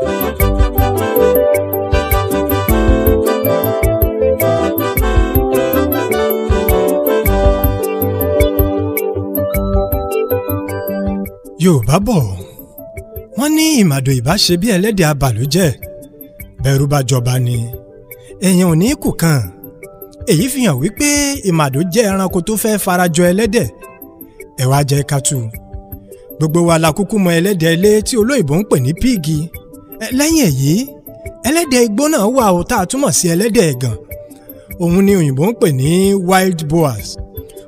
Yorùbá bọ̀ wọ́n ní ìmàdò ìbáṣe bí ẹlẹ́dẹ̀ abàlújẹ́ bẹ̀rù bá jọba ni èèyàn ò ní kù kàn èyí fi hàn wípé ìmàdò jẹ́ ẹranko tó fẹ́ farajọ ẹlẹ́dẹ̀ ẹ̀ wá jẹ́ kátù gbogbo wa la kúkú mọ ẹlẹ́dẹ̀ ilé tí olóyìnbó ń pè ní píìgì lẹ́yìn èyí ẹlẹ́dẹ̀ igbó náà wà ó tá a túmọ̀ sí ẹlẹ́dẹ̀ ẹ̀gàn òun ni òyìnbó ń pè ní wild boars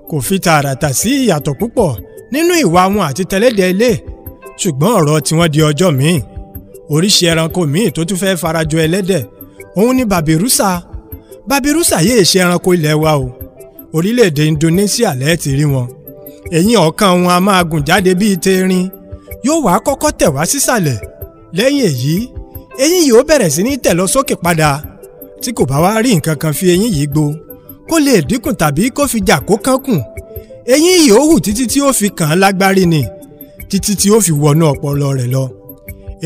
kò fi tààràtà sí ìyàtọ̀ púpọ̀ nínú ìwà wọn àti tẹlẹ́dẹ̀ ilé ṣùgbọ́n ọ̀rọ̀ tiwọn di ọjọ́ míì oríṣi ẹranko míì tó tún fẹ́ farajọ ẹlẹ́dẹ̀ òun ni babirusa. Babirusa yìí ṣe ẹranko ilẹ̀ wa o orílẹ̀-èdè Indonesia lẹ́ẹ̀ ti rí wọn eyín ọ̀kan wọn a máa gùn jáde bíi teerin yóò wá kọ́kọ́ tẹ̀ wá sísàlẹ̀ si lẹ́yìn èyí eyín yìí ó bẹ̀rẹ̀ sí ní tẹ̀ lọ sókè padà tí kò bá wá rí nǹkan kan fi eyín yìí gbo kó lè dínkù tàbí kó fi jà kó kánkùn eyín yìí ó hù títí tí ó fi kàn án lágbárí ni títí tí ó fi wọnú ọpọlọ rẹ̀ lọ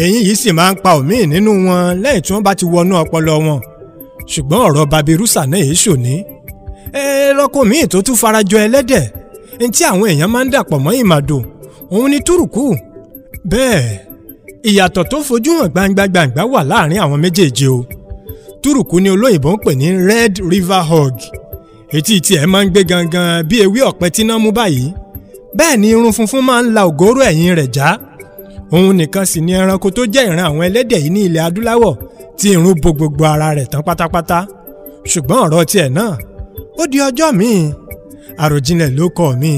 eyín yìí sì máa ń pa òmíì nínú wọn lẹ́yìn tí wọ́n bá ti wọnú ọpọlọ wọn ṣùgbọ́n ọ̀rọ̀ babirusa náà èyí ṣòní ẹranko míì tó tún farajọ ẹlẹ́dẹ̀ ní tí àwọn èèyàn máa ń dàpọ̀ mọ́ ìmàdò òun ni túrùkù bẹ́ẹ̀ ìyàtọ̀ tó fojú hàn gbangba-gbangba wà láàrin àwọn méjèèjì o túrùkù ni olóyìnbó ń pè ní red river hog etí tiẹ̀ máa ń gbé gangan bí ewé ọ̀pẹ tí náà mú báyìí bẹ́ẹ̀ ni irun funfun máa ń la ògóró ẹ̀yìn rẹ̀ já òun nìkan sì ni ẹranko tó jẹ́ ìran àwọn ẹlẹ́dẹ̀ yìí ní ilẹ̀ adúláwọ̀ tí irun bo gbogbo ara rẹ̀ tán pátápátá ṣùgbọ́n ọ̀rọ̀ tiẹ̀ náà ó di ọjọ́ míì àròjinlẹ̀ ló kọ́ míì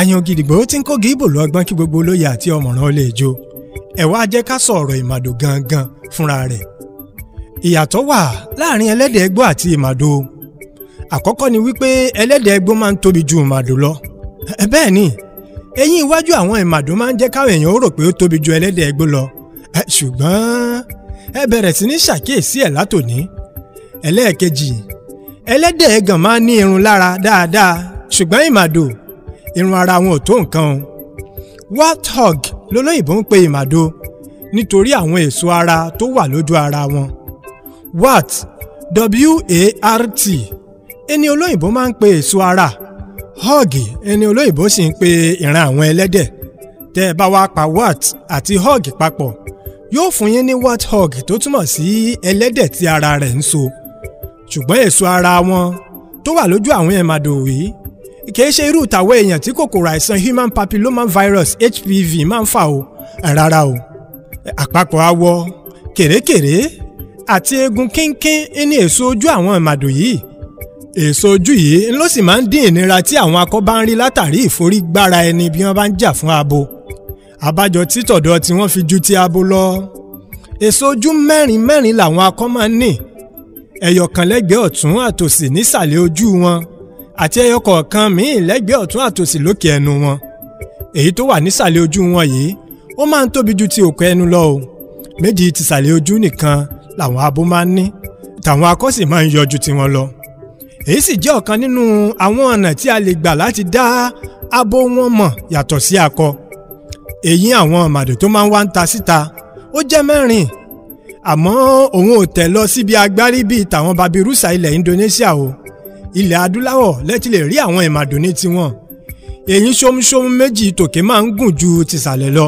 àyàn gidigbo tí ń kó gíbò lọ́gbọ́n kí gbogbo olóye àti ọmọ̀ràn ó lè ẹ wá jẹ́ ká sọ̀rọ̀ ìmàdò gangan fúnra rẹ̀ ìyàtọ̀ wà láàrin ẹlẹ́dẹ̀ ẹgbó àti ìmàdò àkọ́kọ́ ni wípé ẹlẹ́dẹ̀ ẹgbó máa ń tóbi ju ìmàdò lọ bẹ́ẹ̀ ni eyín iwájú àwọn ìmàdò máa ń jẹ́ káwọn èèyàn ó rò pé ó tóbi ju ẹlẹ́dẹ̀ ẹgbó lọ ṣùgbọ́n ẹ bẹ̀rẹ̀ sí ní ṣàkíyèsí ẹ̀ látòní ẹlẹ́ẹ̀kejì ẹlẹ́dẹ̀ ẹ̀gàn máa ń ní irun lára dáadáa ṣùgbọ́n ìmàdò irun ara wọn ò tó nǹkan warthog lólóyìnbó ń pe ìmàdo nítorí àwọn èso ara tó wà lójú ara wọn wart w-a-r-t ẹni olóyìnbó máa ń pe èso ara hog ẹni olóyìnbó sì ń pe ìran àwọn ẹlẹ́dẹ̀ tẹ́ ẹ bá wá pa wart àti hog papọ̀ yóò fún yín ní wart hog tó túmọ̀ sí ẹlẹ́dẹ̀ tí ara rẹ̀ ń so ṣùgbọ́n èso ara wọn tó wà lójú àwọn ẹ̀màdò yìí kìí ṣe irú ìtàwé èèyàn tí kòkòrò àìsàn human papilloma virus HPV máa ń fà o rárá o àpapọ̀ awọ kèrèkèrè àti eegun kínkín ní èso ojú àwọn ìmàdò yìí èso ojú yìí ló sì máa ń dín ìnira tí àwọn akọ bá ń rí látàrí ìforígbára ẹni bí wọ́n bá ń jà fún abo abájọ títọ̀dọ̀ tí wọ́n fi ju ti abo lọ èso ojú mẹ́rin mẹ́rin làwọn akọ máa ń ní ẹyọkànlẹ́gbẹ̀ẹ́ ọ̀tún àtòsì nísàlẹ̀ ojú wọn àti ẹyọ kọ̀ọ̀kan míì lẹ́gbẹ̀ẹ́ ọ̀tún àtòsì lókè ẹnu wọn èyí tó wà nísàlẹ̀ ojú wọn yìí ó máa ń tóbi ju ti òkè ẹnu lọ o méjì tìsàlẹ̀ ojú nìkan làwọn abo máa ń ní tàwọn akọ sì máa ń yọ ju tiwọn lọ èyí sì jẹ́ ọ̀kan nínú àwọn ọ̀nà tí a lè gbà láti dá abo wọn mọ̀ yàtọ̀ sí akọ èyí àwọn màdò tó máa ń wá ń ta síta ó jẹ́ mẹ́rin àmọ́ òun ò tẹ̀ lọ síbi agbárí bíi tàwọn babirusa ilẹ̀ Indonesia o ilẹ̀ adúláwọ̀ lẹ́tí lè rí àwọn ìmàdò ní tiwọn eyín ṣómúṣómú méjì tòkè máa ń gùn ju tìsàlẹ̀ lọ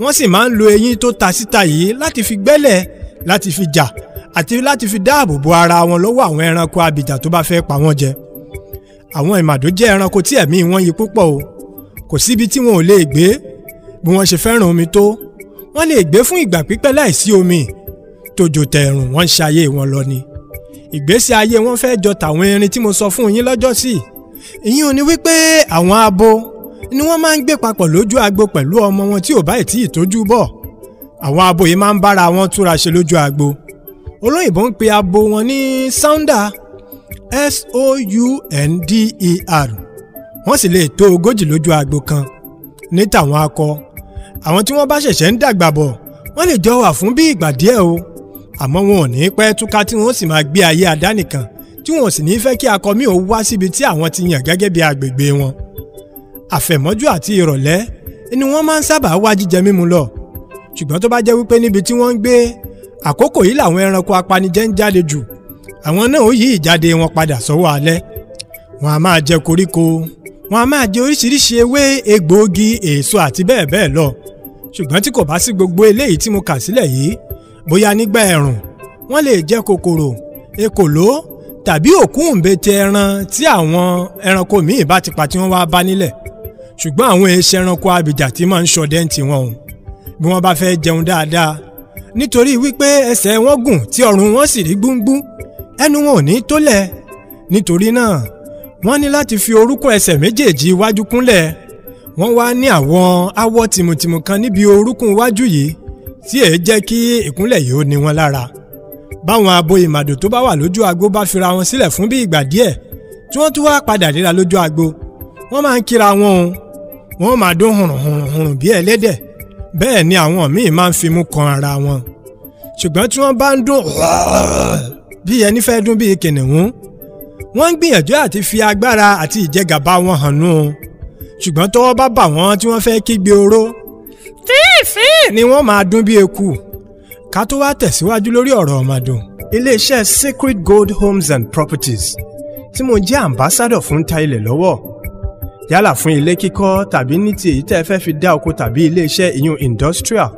wọ́n sì máa ń lo eyín tó ta síta yìí láti fi gbẹ́lẹ̀ láti fi jà àti láti fi dáàbò bo ara wọn lọ́wọ́ àwọn ẹranko abìjà tó bá fẹ́ pa wọ́n jẹ àwọn ìmàdò jẹ́ ẹranko tí ẹ̀mí wọn yí púpọ̀ o kò síbi tí wọn ò lè gbé bí wọ́n ṣe fẹ́ràn omi tó wọ́n lè gbé fún ìgbà pípẹ́ láìsí omi tòjò tẹ̀rùn wọ́n ń ṣayé wọn lọ ni ìgbésí ayé wọn fẹ́ jọ tàwọn erin tí mo sọ fún yín lọ́jọ́ sí ìyẹn ò ní wípé àwọn abo ni wọ́n máa ń gbé papọ̀ lójú agbo pẹ̀lú ọmọ wọn tí ò bá ìtí ìtójú bọ̀ àwọn abo yìí máa ń bára wọn túra ṣe lójú agbo olóyìnbó ń pe abo wọn ní sounder s-o-u-n-d-e-r wọ́n sì lè tó ogójì lójú agbo kan ní tàwọn akọ àwọn tí wọ́n bá ṣẹ̀ṣẹ̀ ń dàgbà bọ̀ wọ́n lè jọ wà fún bí ìgbà díẹ̀ o àmọ́ wọn ò ní pẹ́ túká tí wọ́n sì máa gbé ayé àdánìkan tí wọn ò sì ní fẹ́ kí akọ mi ò wá síbi tí àwọn ti yàn gẹ́gẹ́ bí agbègbè wọn. àfẹ̀mọ́jú àti ìrọ̀lẹ́ ni wọ́n máa ń sábà wá jíjẹ mímu lọ ṣùgbọ́n tó bá jẹ́ wípé níbi tí wọ́n ń gbé àkókò yìí làwọn ẹranko apanijẹ́ ń jáde jù àwọn náà ó yí ìjáde wọn padà sọ́wọ́ alẹ́ wọn a máa jẹ koríko wọn a máa jẹ oríṣiríṣi ewé egbòogi èso àti bẹ́ẹ̀ bẹ́ẹ̀ lọ ṣùgbọ́n tí kò bá sí gbogbo eléyìí tí mo kà sílẹ̀ yìí bóyá nígbà ẹ̀rùn wọ́n lè jẹ́ kòkòrò ekòló tàbí òkúùnbẹ̀tẹ̀ ẹran tí àwọn ẹranko míì bá ti pa tí wọ́n wá bá nílẹ̀ ṣùgbọ́n àwọn ẹṣẹ̀ ẹranko abìjà tí máa ń ṣọdẹ ń tiwọn o bí wọ́n bá fẹ́ jẹun dáadáa nítorí wípé ẹsẹ̀ wọn gùn tí ọrùn wọn sì rí gbúngbún ẹnu wọn ò ní tólẹ̀ nítorí náà wọ́n ní láti fi orúnkún ẹsẹ̀ méjèèjì iwájú kúnlẹ̀ wọ́n wá ní àwọn awọ tìmùtìmù kan níbi orúnkún iwájú yìí tí èé jẹ́ kí ìkúnlẹ̀ yìí ó ní wọn lára báwọn abo ìmàdò tó bá wà lójú agbo bá fira wọn sílẹ̀ fún bí ìgbà díẹ̀ tí wọ́n tún wá padà ríra lójú agbo wọ́n máa ń kíra wọn o wọ́n máa dún hùrùnhùrùn bí ẹlẹ́dẹ̀ bẹ́ẹ̀ ni àwọn míì máa ń fimú kan ara wọn ṣùgbọ́n tí wọ́n bá ń dún bí ẹni fẹ́ dún bí kìnìún wọ́n ń gbìyànjú àti fi agbára àti ìjẹgàba wọn hàn nú ṣùgbọ́n tọ́wọ́ bá bà wọ́n tí wọ́n fẹ́ kígbe oró fífín ni wọ́n máa dún bí eku ká tó wá tẹ̀síwájú lórí ọ̀rọ̀ ọ̀màdùn. iléeṣẹ́ Sacred Gold Homes and Properties tí mo jẹ́ àmbásádọ̀ fún ta ilẹ̀ lọ́wọ́ yálà fún ilé kíkọ́ tàbí ní ti èyí tẹ́ ẹ fẹ́ fi dá oko tàbí iléeṣẹ́ ìyún industrial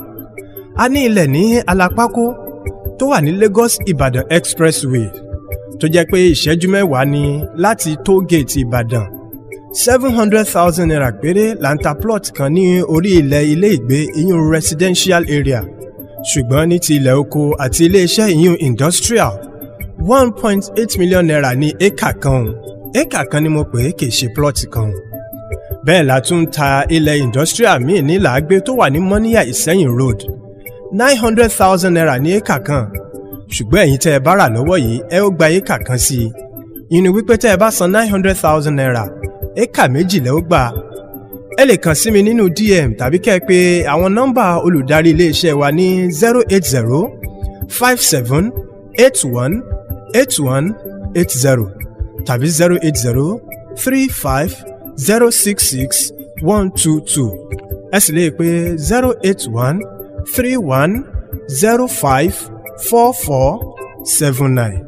a ní ilẹ̀ ní alápákó tó wà ní Lagos ibadan expressway tó jẹ́ pé ìṣẹ́jú mẹ́wàá ni láti tóógèètì Ìbàdàn seven hundred thousand naira péré là ń ta plot kan ní orí ilẹ̀ ilé ìgbé ìyún residential area ṣùgbọ́n ní ti ilẹ̀ oko àti iléeṣẹ́ ìyún industrial one point eight million naira ní éka kan éka kan ni mo pè é kìí ṣe plot kan bẹ́ẹ̀ la tún ta ilẹ̀ industrial míì ní làágbé tó wà ní mọ́níyà ìsẹ́yìn road nine hundred thousand naira ní éka kan ṣùgbọ́n ẹ̀yin tẹ́ ẹ bá rà lọ́wọ́ yìí ẹ ó gba éka kan sí i ìyẹn ni wípé tẹ́ ẹ bá san nine hundred thousand naira éka méjì lẹ́ ó gbà ẹ lè kàn sí mi nínú dm tàbí kẹ́ ẹ pè àwọn nọ́mbà olùdarí iléeṣẹ́ wa ní zero eight zero five seven eight one eight one eight zero tàbí zero eight zero three five zero six six one two two ẹ sì lè pè zero eight one three one zero five four four seven nine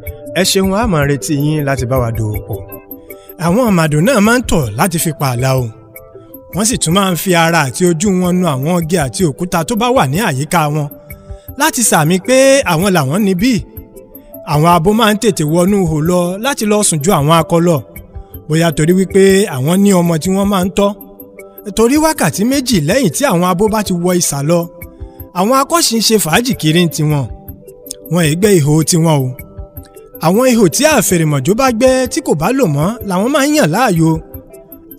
ẹ ṣeun a máa retí yín láti bá wa dòwò pọ̀ àwọn àmàdò náà máa ń tọ̀ láti fi pa àlà o wọ́n sì tún máa ń fi ara àti ojú wọn nu àwọn ọgẹ àti òkúta tó bá wà ní àyíká wọn láti sàmì pé àwọn làwọn níbí àwọn abo máa ń tètè wọnú ihò lọ láti lọ sùn ju àwọn akọ lọ bóyá torí wípé àwọn ní ọmọ tí wọ́n máa ń tọ́ torí wákàtí méjì lẹ́yìn tí àwọn abo bá ti wọ ìsà lọ àwọn akọ sì ń ṣe fàájì kiri tiwọn wọn ì gbẹ́ ihò tiwọn o àwọn ihò tí àfèrèmọ̀jó bá gbẹ́ tí kò bá lò mọ́ làwọn máa ń yàn láàyò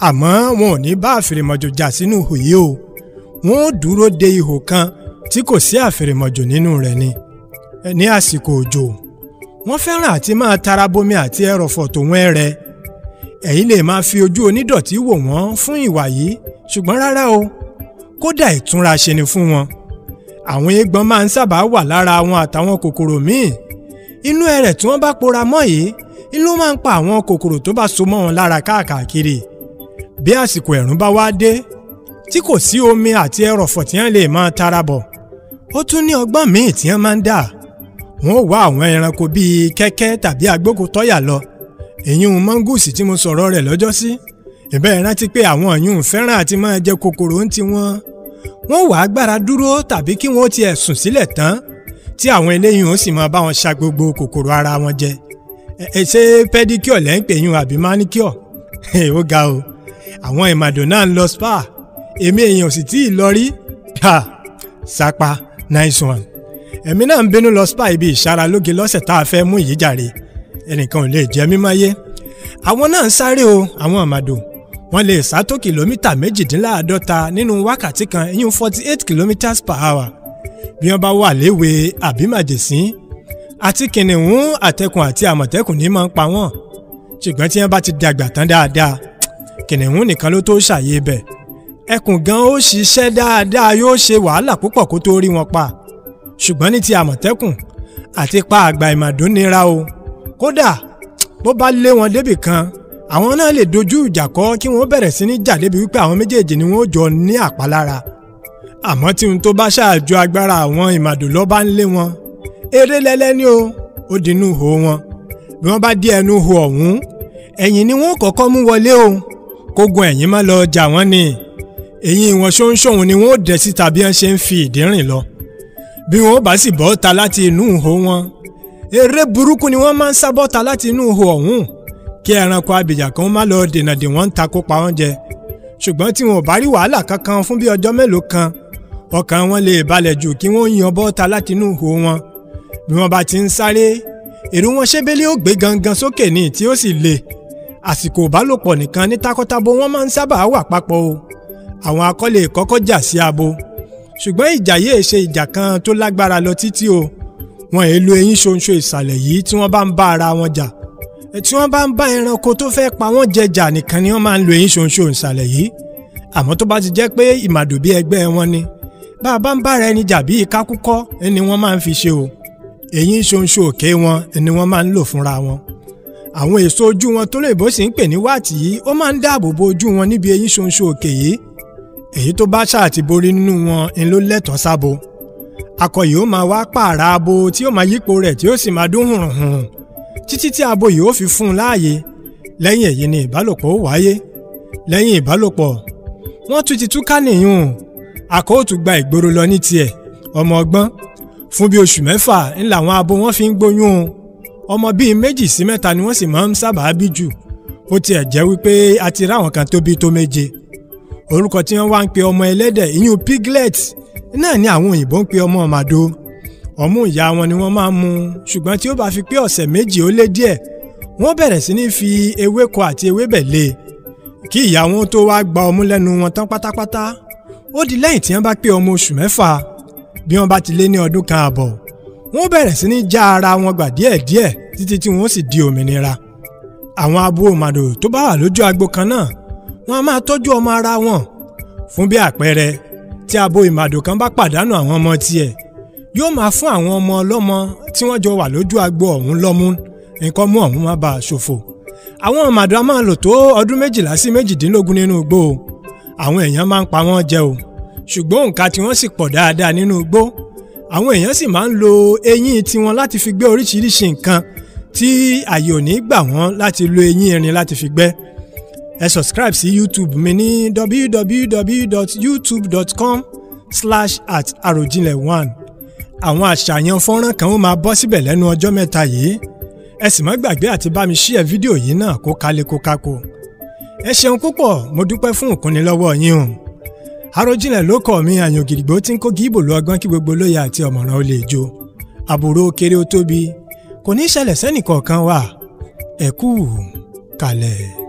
àmọ́ wọn ò ní bá àfèrèmọ̀jò jà sínú ihò yìí o wọn ò dúró de ihò kan tí kò sí àfèrèmọ̀jò nínú rẹ̀ ni ní àsìkò òjò wọ́n fẹ́ràn àti máa tara bomi àti ẹrọ̀fọ̀ tòun ẹrẹ ẹ̀yin lè máa fi ojú onídọ̀tí wò wọ́n fún ìwà yìí ṣùgbọ́n rárá o kódà ìtúnra ṣe ni fún wọn àwọn eégbọn máa ń sábà wà lára wọn àtàwọn kòkòrò míì inú ẹrẹ̀ tí wọ́n bá pora mọ́ yìí inú máa ń pa àwọn kòkòrò tó bá so mọ́ wọn lára káàkiri bí àsìkò ẹ̀rùn bá wá dé tí kò sí omi àti ẹrọ̀fọ̀ tí wọ́n lè máa tara bọ̀ ó tún ní ọgbọ́n míì tí wọ́n máa ń dà wọ́n wá àwọn ẹranko bíi kẹ́kẹ́ tàbí agbókòtọ́yà lọ èyún mọ́ngùsì tí mo sọ̀rọ̀ rẹ̀ lọ́jọ́ sí ìbẹ́ rántí pé àwọn ọ̀yún fẹ́ràn àti máa jẹ kòkòrò ń ti wọn wọ́n wàá gbára dúró tàbí kí wọ́n tiẹ̀ sùn sílẹ̀ tán tí àwọn eléyìí ó sì máa bá wọn ṣa gbogbo kòkòrò ara wọn jẹ ẹ ṣe pẹ́díkíọ̀ lẹ́ ń pè yín àbí máníkíọ̀ ó ga o àwọn ìmàdùn náà ń lọ spa èmi èèyàn sì tí ì lọ rí ha sapa nice one èmi náà ń bínú lọ spa ibi ìṣaralóge lọ́sẹ̀ tá a fẹ́ mú yìí jàre ẹnìkan ò lè jẹ́ mímọ́ yé àwọn náà ń sáré o àwọn ìmàdùn wọ́n lè sá tó kìlómítà méjìdínláàádọ́ta nínú wákàtí kan ìyún forty eight kilometres per hour bí wọ́n bá wà léwe àbí màjèsín àti kìnìún àtẹkùn àti àmọ̀tẹ́kùn ní máa ń pa wọ́n ṣùgbọ́n tí wọ́n bá ti dàgbà tán dáadáa kìnìún nìkan ló tó ṣàyè bẹ̀ ẹkùn gan ó ṣiṣẹ́ dáadáa yóò ṣe wàhálà púpọ̀ kó tó rí wọn pa ṣùgbọ́n ní ti àmọ̀tẹ́kùn àti pa àgbà ìmàdó nira o kódà bó bá lé wọn débì kan àwọn náà lè dojú ìjà kọ kí wọ́n bẹ̀rẹ̀ sí ní jà débi wípé àwọn méjèèjì ni wọ́n jọ ní àpalára àmọ́ tí ohun tó bá ṣáàjọ agbára àwọn ìmàdò bá ń lé wọn eré lẹ́lẹ́ ni o ó di inú ihò wọn bí wọ́n bá dé ẹnu ihò ọ̀hún ẹ̀yìn ni wọ́n kọ́kọ́ mú wọlé o kógun ẹ̀yìn má lọ jà wọ́n ni ẹ̀yìn wọn ṣóńṣóhun ni wọ́n ó dẹ̀ síta bí wọ́n ṣe ń fi ìdí rìn lọ bí wọ́n bá sì bọ́ ta láti inú ihò wọn eré burúkú ni wọ́n máa ń sábọ́ta láti inú ihò ọ̀hún kí ẹranko abìjà kan má lọ dènà wọ́n ń ta kópa oúnjẹ ṣùgbọ́n tí wọn ò bá rí wàhálà kankan fún bí ọjọ́ mélòó kan ọkàn wọn lè balẹ̀ jù kí wọ́n yan bọ́ta látinú ihò wọn bí wọ́n bá ti ń sáré èrú wọn ṣébélé ó gbé gangan sókè ní tí ó sì le àsìkò ìbálòpọ̀ nìkan ní takọtabo wọn máa ń sábà wà papọ̀ o àwọn akọ lè kọ́kọ́ jà sí abo ṣùgbọ́n ìjà yìí ṣe ìjà kan tó lágbára lọ títí o wọn èé lo eyín ṣonṣo ìsàlẹ̀ yìí tí wọ́n bá ń bá ara wọn jà tí wọ́n bá ń bá ẹranko tó fẹ́ pa wọ́n jẹ jà nìkan ni wọ́n máa ń lo eyín ṣonṣo ìsàlẹ̀ yìí àmọ́ tó bá ti jẹ́ pé ìmàdùbí ẹgbẹ́ wọn ni bá a bá ń bára ẹni jà bí ìka kúkọ́ ni wọ́n máa ń fi ṣe o èyí ń ṣoṣo òkè wọn ni wọ́n máa ń lò fúnra wọn àwọn èso ojú wọn tó lóyìnbó sì ń pè ní wáàtì yìí ó máa ń dáàbò bo ojú wọn níbi eyín ṣoṣo òkè yìí èyí tó bá ṣáàtì borí nínú wọn ń ló lẹ́tọ̀ọ́ sábo akọ yìí ó máa wá pààrà abo tí ó máa yípo rẹ̀ tí ó sì máa dún hùrùnhùn títí tí abo yìí ó fi fún un láàyè lẹ́yìn èyí ni ìbálòpọ̀ ó wáyé lẹ́yìn ìbálòpọ̀ wọ́n tún ti túká nìyún àkóòtù gba ìgboro lọ ní tiẹ̀ ọmọ ọgbọ́n fún bí oṣù mẹ́fà ń làwọn abo wọn fi ń gbóyún o ọmọ bíi méjì sí mẹ́ta ni wọ́n sì máa ń sábàá bí jù ó tiẹ̀ jẹ́ wípé a ti ráwọn kan tó tó méje orúkọ tí wọ́n wá ń pe ọmọ ẹlẹ́dẹ̀ ìyún piglet náà ni àwọn òyìnbó ń pe ọmọ màdó ọmú ìyá wọn ni wọ́n máa ń mu ṣùgbọ́n tí ó bá fi pé ọ̀sẹ̀ méjì ó lé díẹ̀ wọ́n bẹ̀rẹ̀ sí ní fi ewéko àti ewébẹ̀ lé e. kí ìyá wọn tó wá gba ọmú lẹ́nu wọn tán pátápátá ó di lẹ́yìn tí wọ́n bá pé ọmọ oṣù mẹ́fà bí wọ́n bá ti lé ní ọdún kan àbọ̀ wọ́n bẹ̀rẹ̀ sí ní já ara wọn gbà díẹ̀díẹ̀ títí tí wọ́n sì di òmìnira àwọn abo màdò tó bá wà lójú agbo kan náà wọ́n á máa tọ́jú ọmọ ara wọn fún bí àpẹẹrẹ tí abo ìmàdò kan bá pàdánù àwọn ọmọ tiẹ̀ yóò máa fún àwọn ọmọ ọlọ́mọ tí wọ́n jọ wà lójú agbo ọ̀hún lọ́mú nǹkan mú ọ̀hún má bàa ṣòfò àwọn màdò a máa lò tó ọdún méjìlá sí méjìdínlógún nínú igbó àwọn èèyàn máa ń pa wọ́n jẹ o ṣùgbọ́n òǹkà tí wọ́n sì pọ̀ dáadáa nínú igbó àwọn èèyàn sì máa ń lo eyín tiwọn láti fi gbẹ́ oríṣiríṣi nǹkan tí àyè ò ní gbà wọ́n láti lo eyín erin láti fi gbẹ́ ẹ subscribe sí youtube mi ní www.youtube.com slash at àròjinlẹ̀ one àwọn àṣàyàn fọ́nrán kan ó máa bọ́ síbẹ̀ lẹ́nu ọjọ́ mẹ́ta yìí ẹ sì má gbàgbé àti bá mi ṣí ẹ fídíò yìí náà kó kalẹ̀ kó ẹ ṣeun púpọ̀ mo dúpẹ́ fún ìkúnnilọ́wọ́ yín o Àròjinlẹ̀ ló kọ̀ mí àyàn ògìrìgbò tí ń kó gíbò lo ọgbọ́n kí gbogbo olóye àti ọ̀mọ̀ràn ó lè jó àbúrò kéré ó tóbi kò ní ṣẹlẹ̀ sẹ́nìkọ̀ọ̀kan wà ẹ kú kàlẹ̀.